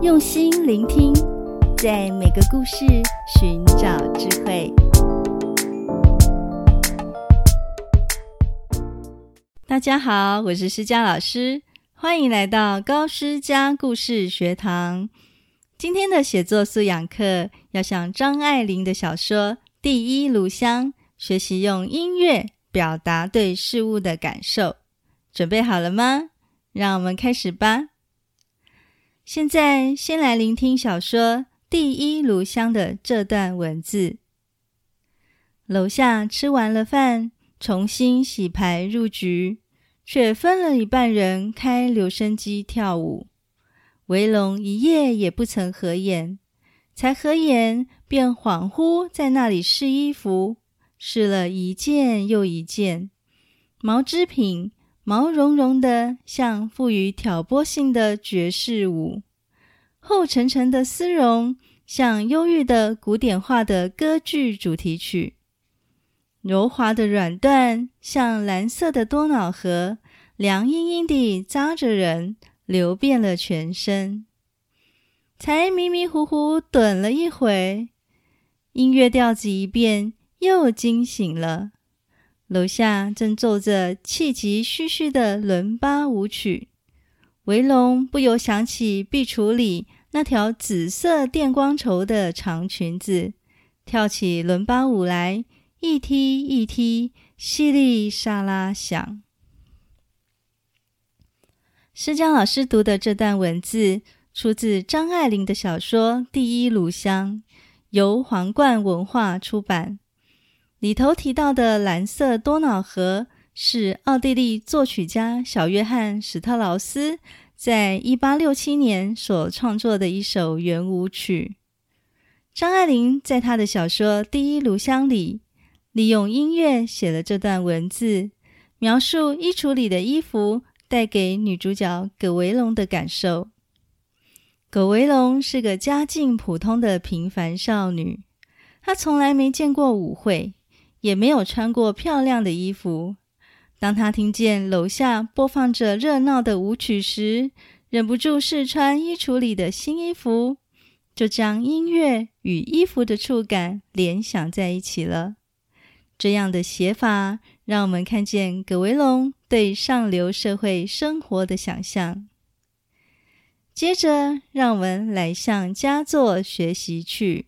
用心聆聽，在每個故事尋找智慧。大家好，我是詩佳老師，歡迎來到高詩佳故事學堂。今天的寫作素養課要向張愛玲的小說《第一爐香》學習，用音樂表達對事物的感受。準備好了嗎？讓我們開始吧。現在先來聆聽小說《第一爐香》的這段文字。樓下吃完了飯，重新洗牌入局，卻分了一半人開留聲機跳舞。薇龍一夜也不曾合眼，才合眼便恍惚在那裡試衣服，試了一件又一件毛織品。毛茸茸的，像富於挑撥性的爵士舞；厚沉沉的絲絨，像憂鬱的古典化的歌劇主題曲；柔滑的軟緞，像藍色的多瑙河，涼陰陰地扎着人，流遍了全身。才迷迷糊糊盹了一會，音樂調子一變，又驚醒了。樓下正奏着氣急吁吁的倫巴舞曲，薇龍不由想起壁櫥裡那條紫色電光綢的長裙子，跳起倫巴舞來，一踢一踢，淅瀝沙拉響。詩佳老師讀的這段文字出自張愛玲的小說《第一爐香》，由皇冠文化出版。裡頭提到的藍色多瑙河是奧地利作曲家小約翰·史特勞斯在一八六七年所創作的一首圓舞曲。張愛玲在她的小說《第一爐香》裡，利用音樂寫了這段文字，描述衣櫥裡的衣服帶給女主角葛維龍的感受。葛維龍是個家境普通的平凡少女，她從來沒見過舞會。也沒有穿過漂亮的衣服。當他聽見樓下播放着熱鬧的舞曲時，忍不住試穿衣櫥裡的新衣服，就將音樂與衣服的觸感聯想在一起了。這樣的寫法讓我們看見葛薇龍對上流社會生活的想象。接着，讓我們來向佳作學習去。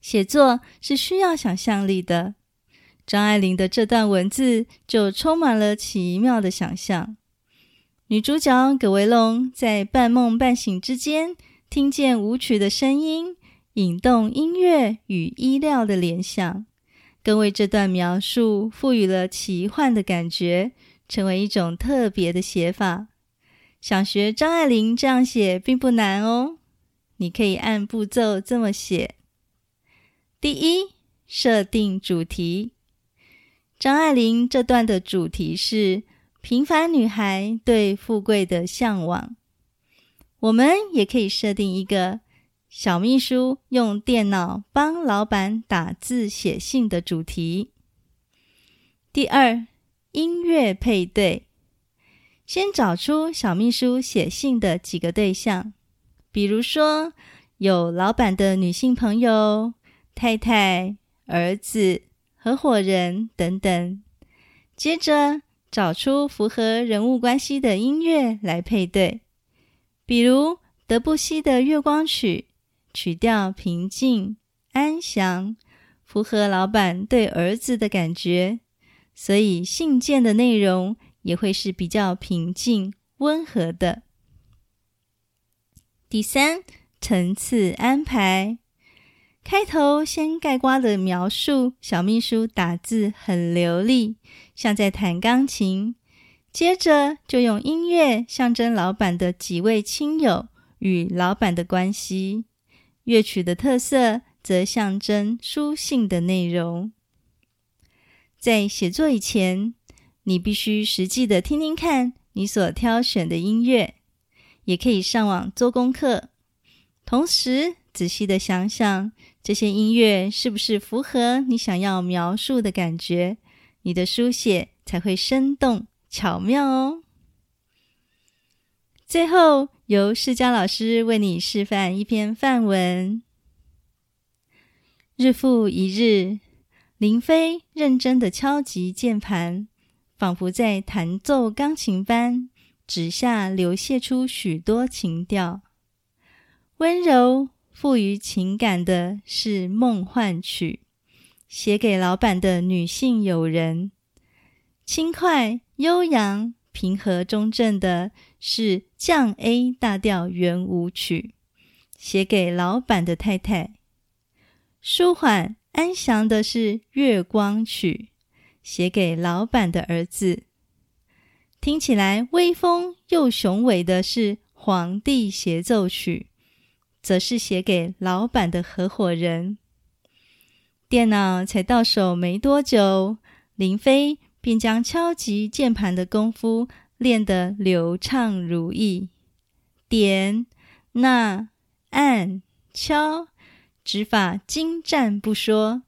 寫作是需要想象力的。張愛玲的這段文字就充滿了奇妙的想象。女主角葛維龍在半夢半醒之間，聽見舞曲的聲音，引動音樂與衣料的聯想，更為這段描述賦予了奇幻的感覺，成為一種特別的寫法。想學張愛玲這樣寫並不難哦。你可以按步驟這麼寫。第一，設定主題。張愛玲這段的主題是平凡女孩對富貴的向往。我們也可以設定一個小秘書用電腦幫老板打字寫信的主題。第二，音樂配對。先找出小秘書寫信的幾個對象，比如說有老板的女性朋友、太太、兒子、合夥人等等，接着找出符合人物關係的音樂來配對，比如德布西的《月光曲》，曲調平靜安詳，符合老板對兒子的感覺，所以信件的內容也會是比較平靜溫和的。第三，層次安排。開頭先概括的描述，小秘書打字很流利，像在彈鋼琴。接着就用音樂象徵老闆的幾位親友與老闆的關係，樂曲的特色則象徵書信的內容。在寫作以前，你必須實際的聽聽看你所挑選的音樂，也可以上網做功課，同時。仔細地想想，這些音樂是不是符合你想要描述的感覺？你的書寫才會生動巧妙哦。最後，由詩佳老師為你示範一篇範文。日復一日，林飛認真的敲擊鍵盤，仿佛在彈奏鋼琴般，指下流瀉出許多情調，溫柔。富於情感的是《夢幻曲》，寫給老板的女性友人；輕快、悠揚、平和中正的是降 A 大調圓舞曲，寫給老板的太太；舒緩、安詳的是《月光曲》，寫給老板的兒子；聽起來威風又雄偉的是《皇帝協奏曲》。則是寫給老闆的合夥人。電腦才到手沒多久，林飛便將敲擊鍵盤的功夫練得流暢如意，點、捺、按、敲，指法精湛不說，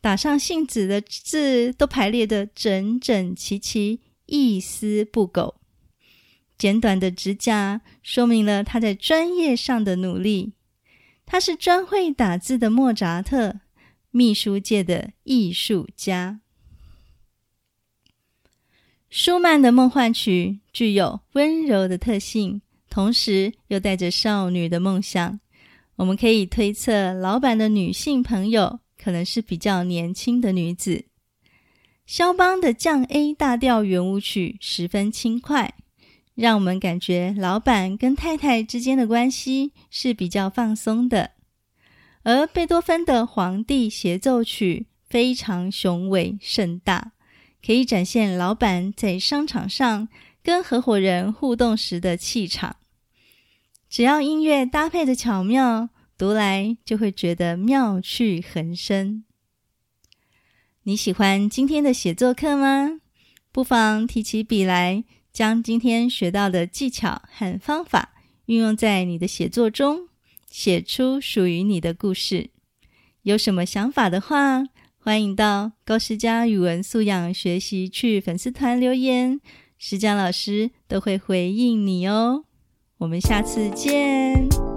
打上信紙的字都排列得整整齊齊，一絲不苟。簡短的指甲說明了他在專業上的努力。他是專會打字的莫扎特，秘書界的藝術家。舒曼的夢幻曲具有溫柔的特性，同時又帶着少女的夢想。我們可以推測，老板的女性朋友可能是比較年輕的女子。肖邦的降 A 大調圓舞曲十分輕快。讓我們感覺老板跟太太之間的關係是比較放鬆的，而貝多芬的《皇帝協奏曲》非常雄偉盛大，可以展現老板在商場上跟合夥人互動時的氣場。只要音樂搭配的巧妙，讀來就會覺得妙趣橫生。你喜歡今天的寫作課嗎？不妨提起筆來。將今天學到的技巧和方法運用在你的寫作中，寫出屬於你的故事。有什麼想法的話，歡迎到高詩佳語文素養學習區粉絲團留言，詩佳老師都會回應你哦。我們下次見。